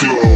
go.